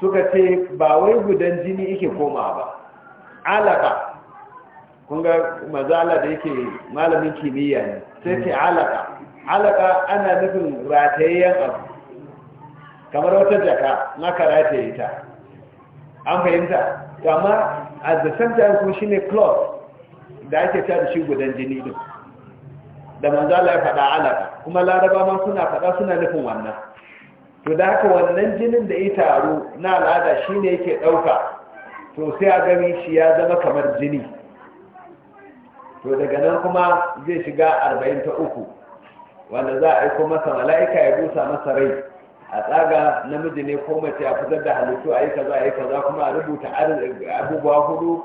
Speaker 1: suka ce ba wai gudan jini yake koma ba alaka Kunga ga mazala da yake malamin kimiyya ne sai ce alaka alaka ana nufin ratayen abu kamar wata jaka naka rataye ta an fahimta amma a da shine cloth da ake ta da shi gudan jini din da manzala ya faɗa alaka kuma laraba ma suna faɗa suna nufin wannan to da haka wannan jinin da ya taru na al'ada shine yake ɗauka to sai a gani shi ya zama kamar jini to daga nan kuma zai shiga arba'in ta uku wanda za a aiko masa mala'ika ya busa masa rai a tsaga namiji ne ko mace a fitar da halittu a yi kaza a yi kaza kuma a rubuta abubuwa hudu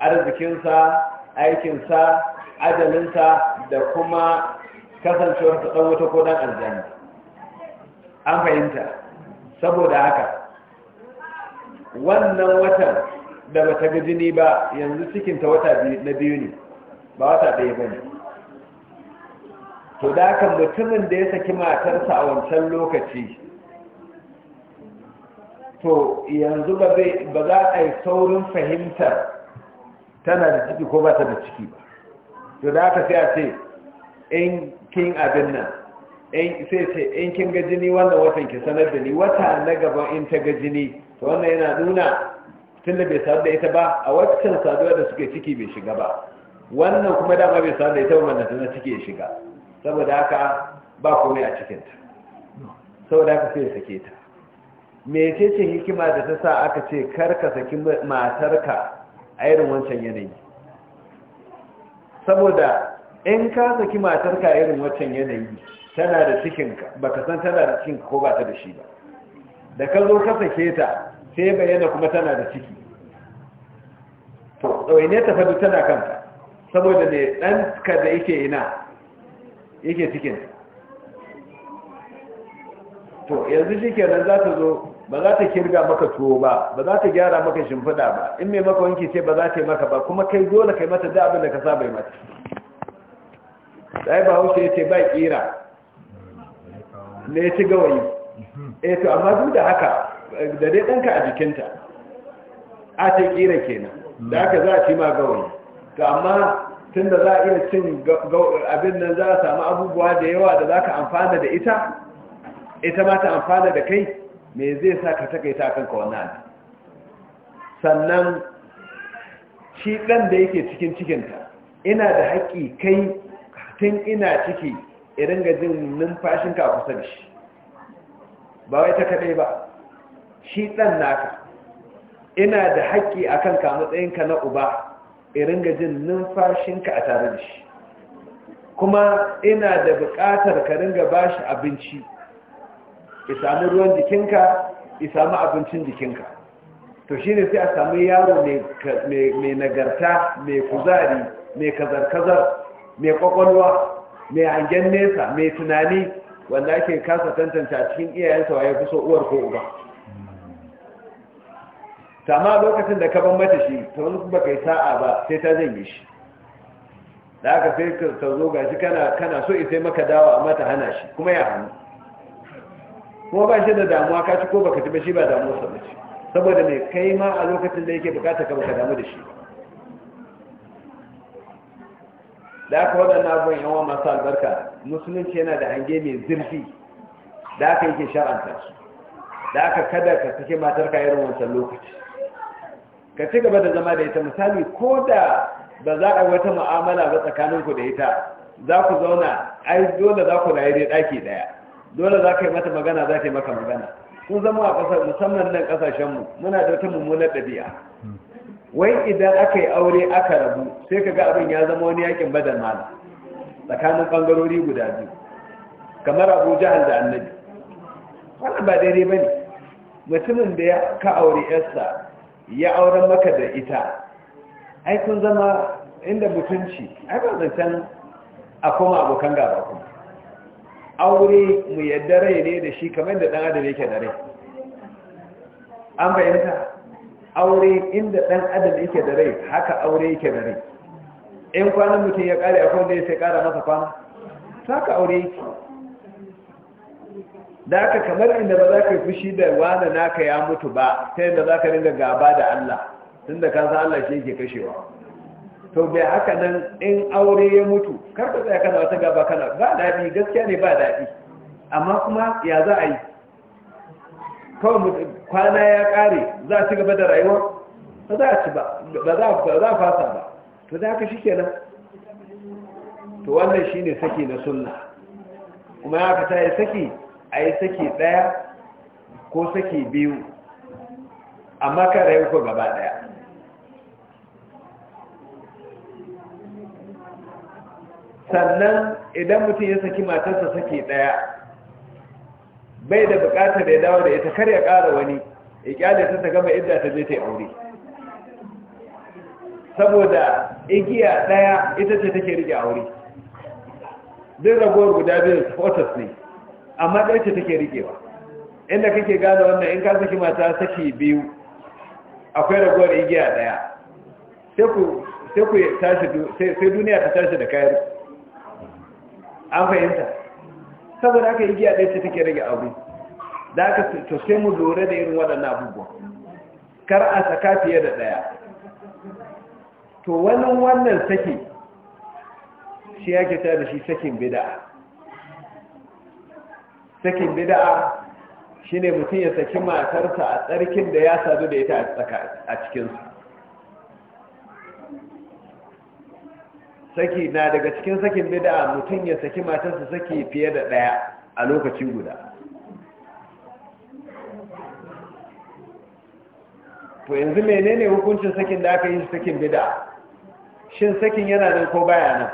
Speaker 1: arzikinsa aikinsa ajalinsa da kuma kasancewar ta ɗan wata ko ɗan aljani an fahimta saboda haka wannan watan da bata ga jini ba yanzu cikinta wata na biyu ne ba wata ɗaya ba ne to da kan mutumin da ya saki matarsa a wancan lokaci to yanzu ba za a yi saurin fahimtar tana da ciki ko ba ta da ciki ba to da aka sai a ce in kin abin nan sai ce in kin ga jini wannan watan ki sanar da ni wata na gaban in ta ga jini to wannan yana nuna tun da bai sadu da ita ba a wacce saduwa da suke ciki bai shiga ba wannan kuma dama bai samu da ita wannan tana cike shiga saboda haka ba komai a cikin ta saboda haka sai sake ta me ce ce hikima da ta sa aka ce karka saki matarka a irin wancan yanayi saboda in ka saki matarka a irin wancan yanayi tana da cikinka baka san tana da cikinka ko ba ta da shi ba da ka zo ka sake ta sai bayyana kuma tana da ciki to ne ta fadu tana kanta saboda ne ɗanka da yake ina yake cikin to yanzu shi kenan za ta zo ba za ta kirga maka tuwo ba ba za ta gyara maka shimfiɗa ba in mai maka wanki ce ba za ta yi maka ba kuma kai dole kai mata da abin da ka saba yi mata sai ba hausa ya ce ba kira ne ya ci gawayi eh to amma duk da haka da dai ɗanka a jikinta a ta kira kenan da haka za a ci ma gawayi to amma tunda za a iya cin abin nan za a samu abubuwa da yawa da za ka amfana da ita ita ma ta amfana da kai me zai sa ka takaita kanka wannan sannan shi ɗan da yake cikin cikinta ina da haƙƙi kai tun ina ciki irin ga jin numfashinka a kusa da shi ba wai ta kaɗai ba shi ɗan naka ina da haƙƙi a kanka matsayinka na uba ringa jin numfashinka a tare da shi kuma ina da buƙatar ka ringa ba shi abinci ya sami ruwan jikinka ya sami abincin jikinka to shi ne sai a sami yaro mai nagarta mai kuzari mai kazar-kazar mai kwakwalwa mai hangen nesa mai tunani wanda ake kasa tantance a cikin iyayensa wa ya fi so uwar ko uba sama lokacin da ka ban mata shi to wani ba kai sa'a ba sai ta yi shi da aka sai ka tazo gashi kana kana so isa maka dawa a mata hana shi kuma ya hannu kuma ba shi da damuwa ka ci ko baka ci ba shi ba damuwa sa mace saboda mai kai ma a lokacin da yake bukata ka baka damu da shi da aka waɗannan abubuwan yawan masu albarka musulunci yana da hange mai zurfi da aka yake shar'anta su da aka kada ka sake matar ka irin wancan lokaci ka ci gaba da zama da ita misali ko da ba za a wata mu'amala ba tsakaninku da ita za ku zauna ai dole za ku rayu dai ɗaki ɗaya dole za ka yi mata magana za ta yi maka magana kun zama a ƙasar musamman nan ƙasashenmu muna da wata mummunar ɗabi'a wai idan aka yi aure aka rabu sai ka ga abin ya zama wani yakin badar mala tsakanin ɓangarori guda biyu kamar abu jahal da annabi wannan ba daidai ba ne mutumin da ya ka aure yarsa ya auren maka da ita ai kun zama inda mutunci ai ba zancen a kuma abokan gaba kuma aure mu yadda rai ne da shi kamar da dan adam yake da rai an bayanta aure inda dan adam yake da rai haka aure yake da rai in kwanan mutum ya kare akwai da ya sai kara masa kwana saka aure yake da aka kamar inda ba za ka yi fushi da wani naka ya mutu ba ta yadda za ka ringa gaba da Allah tun da kansa Allah shi yake kashewa to bai haka nan in aure ya mutu kar ka tsaya kana wata gaba kana ba daɗi gaskiya ne ba daɗi amma kuma ya za a yi kawai kwana ya ƙare za a ci gaba da rayuwa ba za a ci ba ba za a fasa ba to da haka shi kenan to wannan ne saki na sunna kuma ya ka ta yi saki a yi saki ɗaya ko saki biyu amma kada yi ko gaba ɗaya sannan idan mutum ya saki matarsa saki ɗaya bai da bukatar ya dawo da ita kar ya ƙara wani ya kyale ta ta gama idda ta je ta aure saboda igiya ɗaya ita ce take rike aure duk ragowar guda biyu supporters ne amma ɗaya ce take rikewa inda kake gane wannan in ka saki mata saki biyu akwai ragowar igiya ɗaya sai ku tashi sai duniya ta tashi da kayan an fahimta saboda aka igiya ɗaya ce take rage abu da aka to sai mu lura da irin waɗannan abubuwa kar a saka fiye da ɗaya to wannan wannan saki shi yake ta da shi sakin bida'a sakin bid'a shine mutum ya saki matarsa a tsarkin da ya sadu da ita a cikinsu saki na daga cikin sakin bid'a mutum ya saki matarsa saki fiye da ɗaya a lokaci guda to yanzu menene hukuncin sakin da aka yi sakin bid'a shin sakin yana nan ko baya nan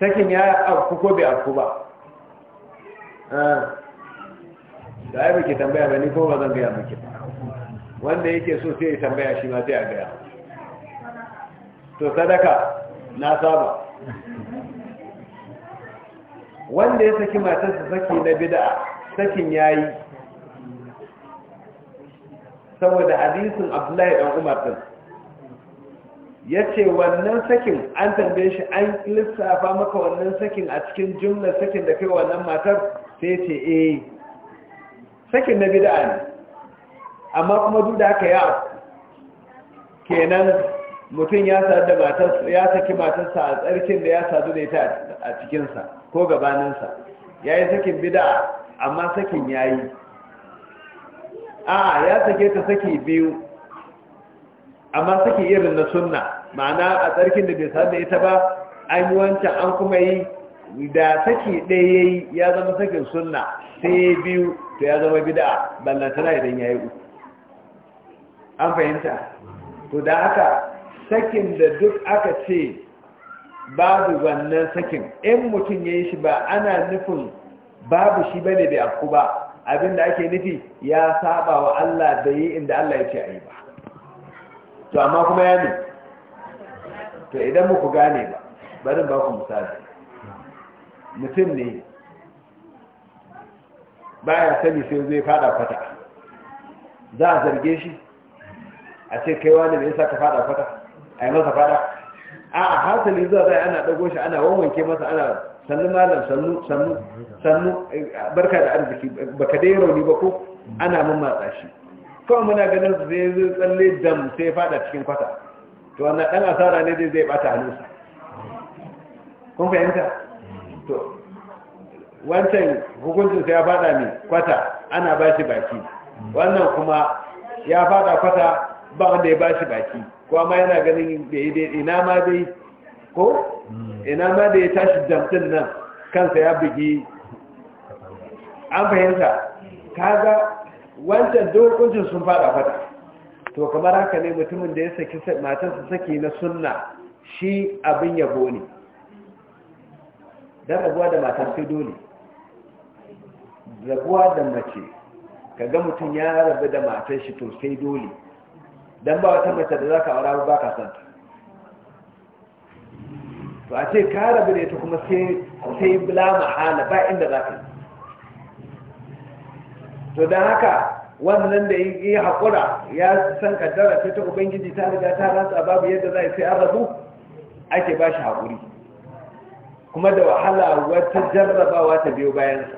Speaker 1: sakin ya afku ko bai afku ba Ah. da ya baki tambaya ba ni ko ba zan gaya miki wanda yake so sai ya tambaya shi ma sai a gaya to sadaka na saba wanda ya saki matarsa saki na bid'a sakin yayi saboda hadisin Abdullahi dan Umar din yace wannan sakin an tambaye shi an lissafa maka wannan sakin a cikin jumlar sakin da kai wannan matar sai ce e sakin na bid'a ne amma kuma duk da yi a kenan mutum ya da matarsa ya saki matarsa a tsarkin da ya sadu da ita a cikinsa ko gabaninsa ya yi sakin da'a amma sakin ya yi a ya sake ta saki biyu amma saki irin na sunna ma'ana a tsarkin da bai sadu da ita ba an yi wancan an kuma yi da saki ɗaya ya ya zama sakin sunna sai biyu to ya zama bida'a ballantana idan ya yi uku an fahimta to da aka sakin da duk aka ce babu wannan sakin in mutum ya yi shi ba ana nufin babu shi bane da afku ba abinda ake nufi ya saba wa Allah da yi inda Allah ya ce a yi ba to amma kuma ya ne to idan muku gane ba barin ba ku misali mutum ne ba ya sani sai zai fada kwata za a zarge shi a ce kai wani ne yasa ka fada kwata a yi masa fada a hatali zuwa zai ana dago shi ana wanwanke masa ana sannu malam sannu sannu sannu barka da arziki ba ka dai rauni ba ko ana matsa shi kawai muna ganin su zai zai tsalle dam sai fada cikin kwata to wannan dan asara ne zai bata hannunsa kun fahimta to wancan hukuncin sa ya fada ne kwata ana ba shi baki wannan kuma ya fada kwata ba wanda ya ba shi baki kuma ma yana ganin da ina ma dai ko ina ma da ya tashi jamtin nan kansa ya bugi an fahimta kaga wancan dokokin sun fada kwata. to kamar haka ne mutumin da ya saki matarsa saki na sunna shi abin yabo ne don rabuwa da mata sai dole rabuwa da mace kaga mutum ya rabu da matar shi to sai dole don ba wata mace da za ka aura ba ka santa to a ce ka rabu da ita kuma sai bula mahala ba inda za ka yi to don haka wannan da yi haƙura ya san kaddara sai ta ubangiji ta riga ta rantsa babu yadda za a sai an rabu ake ba shi haƙuri kuma da wahala wata jarrabawa ta biyo bayansa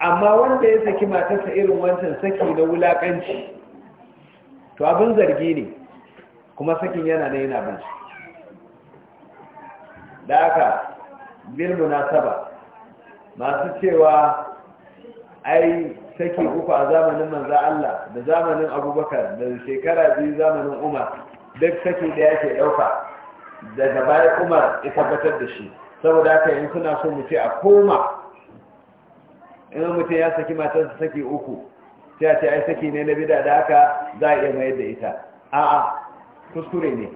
Speaker 1: amma wanda ya saki matarsa irin wancan saki na wulaƙanci to abin zargi ne kuma sakin yana na yana bin da aka bilmu na saba masu cewa ai saki uku a zamanin manza Allah da zamanin abubakar da shekara biyu zamanin umar duk saki da yake ɗauka daga baya umar ya tabbatar da shi saboda haka in suna so mu ce a koma in mutum ya saki matarsa saki uku sai a ce ai saki ne na bida da haka za a iya mayar da ita a'a kuskure ne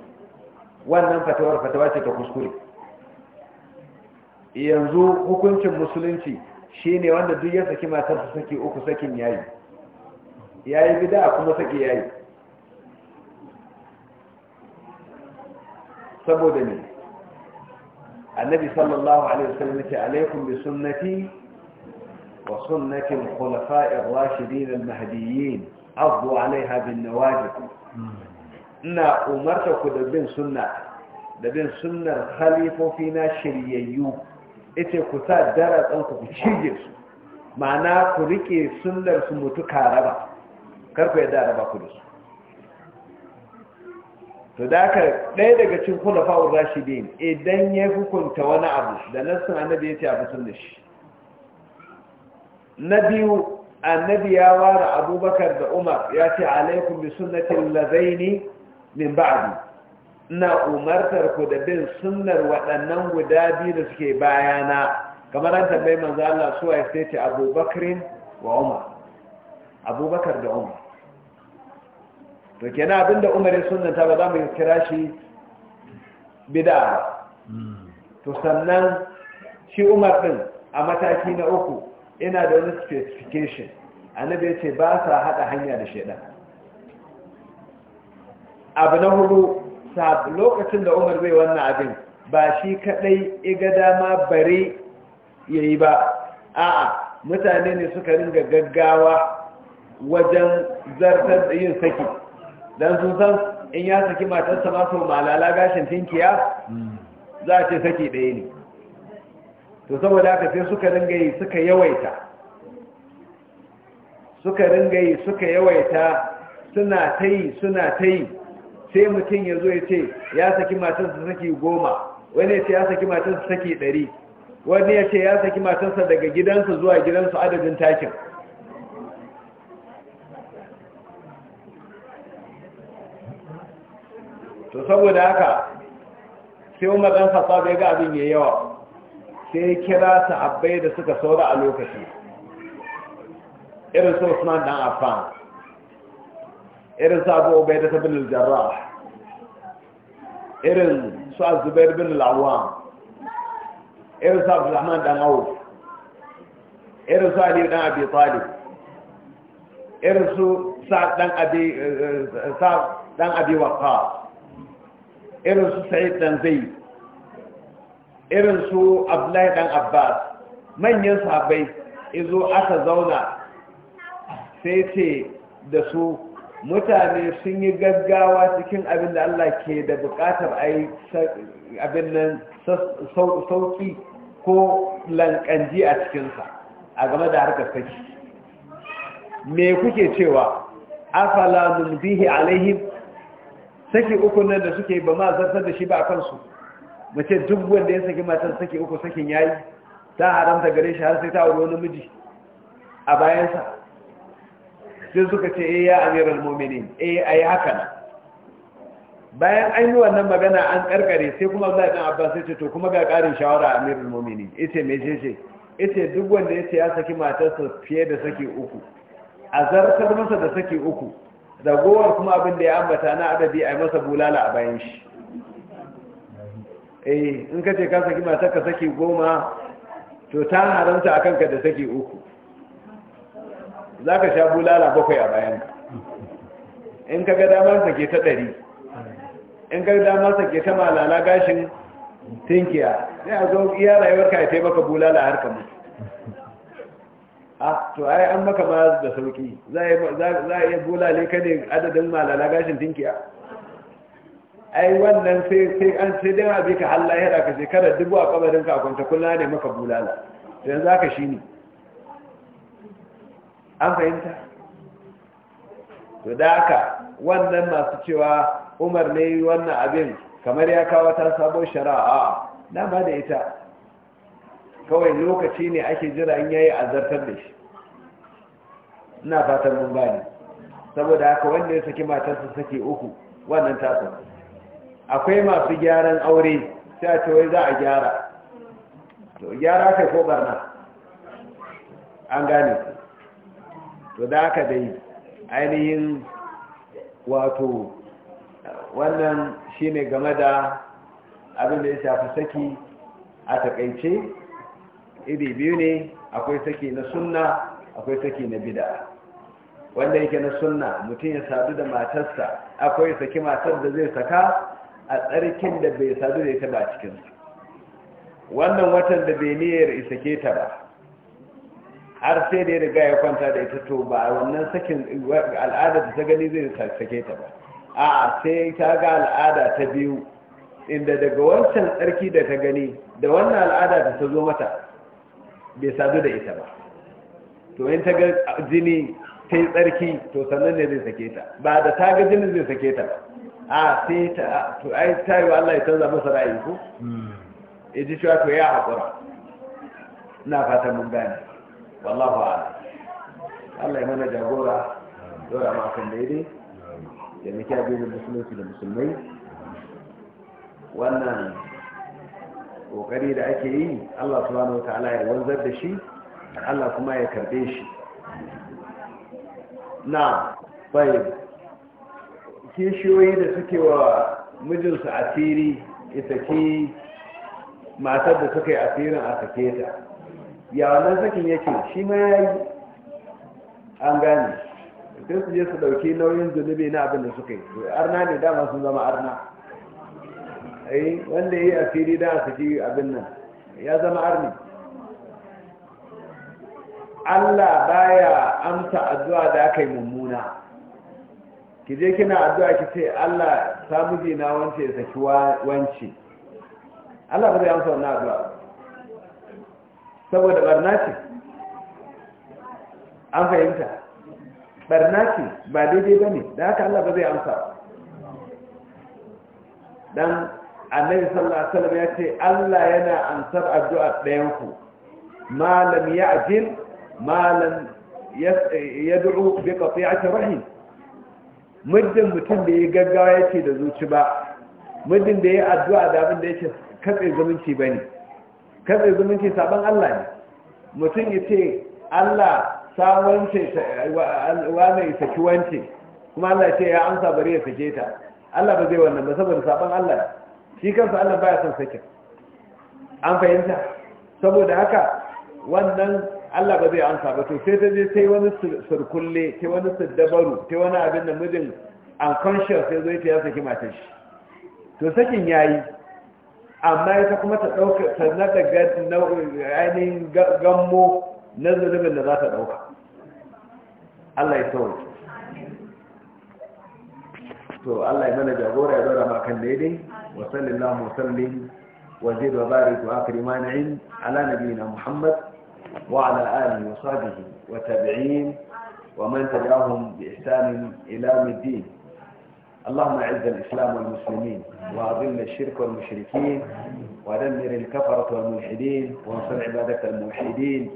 Speaker 1: wannan fatawar fatawa ce ta kuskure yanzu hukuncin musulunci shine wanda duk ya saki matarsa saki uku sakin yayi yayi bida kuma saki yayi saboda ne annabi sallallahu alaihi wasallam ce alaikum bi sunnati wa sunnati al-khulafa'i ar-rashidin al-mahdiyyin addu 'alayha bin nawajib ina umarta ku da bin sunna da bin sunnar khalifofi na shiryayyu ita ku sa daratsan ku cije su ma'ana ku rike sunnar su mutu karaba karku ya daraba ku da su to da aka ɗaya daga cikin rashi din idan ya hukunta wani abu da nassun annabi ya ce a fitun da shi na biyu annabi ya ware abubakar da umar ya ce alaikum bi sunnatin lazaini min ba'adu ina umartar ku da bin sunnar waɗannan guda biyu da suke bayana kamar an tambayi manzo Allah su sai ce abubakar da umar to kenan abinda umar ya sunanta ba za mu kira shi bid'a to sannan shi umar din a mataki na uku ina da wani specification annabi ya ce ba sa hada hanya da shaidan abu na hudu lokacin da umar bai wannan abin ba shi kadai iga dama bare yi ba a'a mutane ne suka ringa gaggawa wajen zartar da yin sakit dan sun san in ya saki matarsa ma sau malala gashin tinkiya za a ce saki ɗaya ne to saboda haka sai suka ringa yi suka yawaita suka ringa yi suka yawaita suna ta yi suna ta yi sai mutum ya zo ya ce ya saki matarsa saki goma wani ya ce ya saki matarsa saki ɗari wani ya ce ya saki matarsa daga gidansa zuwa gidansu adadin takin to saboda haka sai umar dan khattab ya ga abin yayi yawa sai ya kira sahabbai da suka saura a lokaci irin su Usman dan Affan irin su Abu Ubaidah bin al-Jarrah irin su Zubair bin al-Awwam irin su Abdurrahman dan Auf irin su Ali dan Abi Talib irin su Sa'd dan Abi eh, eh, Sa'd dan Abi Waqqas irin su sa'id dan zai irin su abdullahi dan abbas manyan sahabbai izo aka zauna sai ce da su mutane sun yi gaggawa cikin abin da Allah ke da buƙatar a yi abin nan sauki ko lankanji a cikinsa a game da harkar saki me kuke cewa afala mumzihi alaihim saki uku nan da suke ba ma zartar da shi ba a kansu mace duk wanda ya saki matar saki uku sakin ya yi ta haramta gare shi har sai ta wani miji a bayansa sai suka ce eh ya amiral mu'minin eh ayi haka nan bayan an yi wannan magana an karkare sai kuma Abdullahi ɗan abba sai ce to kuma ga karin shawara amirul mu'minin yace me mai ce ita duk wanda ya saki matarsa fiye da saki uku a zartar masa da saki uku ragowar kuma abin da ya ambata na adadi a yi masa bulala a bayan shi eh in ka ce ka saki matar ka saki goma to ta haramta a kanka da saki uku za ka sha bulala bakwai a bayan in ka ga damar sake ta ɗari in ka ga damar sake ta malala gashin tinkiya sai a zo iya ka ya taimaka bulala har ka mutu to ai an maka ma da sauki za a iya bulale ka ne adadin malala gashin tinkiya ai wannan sai an sai dai abi ka Allah ya raka shekarar dubu a kabarin ka kwanta kullana ne maka bulala to yanzu haka ne. an fahimta to da haka wannan masu cewa Umar ne wannan abin kamar ya kawo ta sabon shari'a na ba da ita kawai lokaci ne ake jira in yayi azartar da shi ina fatan mun gane saboda haka wanda ya saki matarsa saki uku wannan taso akwai masu gyaran aure sai a ce wai za a gyara to gyara kai ko barna an gane to da haka dai ainihin wato wannan shine game da abin da ya shafi saki a takaice iri biyu ne akwai saki na sunna akwai saki na bida wanda yake na sunna mutum ya sadu da matarsa akwai saki matar da zai saka a tsarkin da bai sadu da ita ba cikinsa wannan watan da bai niyyar isake ta ba har sai da ya riga ya kwanta da ita to ba wannan sakin al'ada da ta gani zai sake ta ba a sai ta ga al'ada ta biyu inda daga wancan tsarki da ta gani da wannan al'ada da ta zo mata bai sadu da ita ba to in ta ga jini ta yi tsarki to sannan ne zai sake ta ba da ta ga jini zai sake ta a sai ta to ai ta Allah ya canza masa ra'ayi ko ya ji cewa to ya haƙura ina fatan mun gane wallahu Allah ya mana jagora dora ma daidai da mika abin da musulunci da musulmai wannan kokari da ake yi Allah subhanahu Ta'ala ya wanzar da shi Allah kuma ya karbe shi na bai kishiyoyi da suke wa mijinsu asiri ita ke matar da suka yi asirin a sake ta ya wannan sakin yake shi ma ya yi an gane sai su je su ɗauki nauyin zunubi na abin da suka yi arna ne dama sun zama arna eh wanda yayi asiri da su ji abin nan ya zama arni Allah baya amsa addu'a da aka yi mummuna ki je kina addu'a ki ce Allah samu jina wance ya saki wance Allah ba zai amsa wannan addu'a saboda barna ce an fahimta barna ce ba daidai ba ne da haka Allah ba zai amsa dan annabi sallallahu alaihi wasallam ya ce Allah yana ansar addu'a ɗayan ku malam ya ajil malam ya du'u bi qati'ati rahim muddin mutum da ya gaggawa yake da zuci ba muddin da ya addu'a da abin da yake katse zumunci bane katse zumunci saban Allah ne mutum ya ce Allah sawance wa ya saki wance kuma Allah ya ce ya amsa bari ya sake ta Allah ba zai wannan ba saboda saban Allah shi kansa Allah baya son sakin an fahimta saboda haka wannan Allah ba zai amsa ba to sai ta je sai wani surkulle sai wani saddabaru sai wani abin da mijin unconscious sai zo ya saki matan shi to sakin ya yi, amma ita kuma ta dauka sannan da ainihin gammo na zunubin da za ta dauka Allah ya sauke to Allah ya mana jagora ya zara makan daidai وصلى الله وسلم وزيد وبارك وآخر مانع على نبينا محمد وعلى آله وصحبه وتابعين ومن تبعهم بإحسان إلى يوم الدين اللهم اعز الإسلام والمسلمين وأذل الشرك والمشركين ودمر الكفرة والملحدين وانصر عبادك الموحدين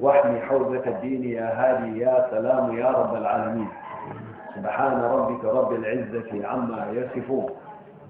Speaker 1: واحمي حوزة الدين يا هادي يا سلام يا رب العالمين سبحان ربك رب العزة عما يصفون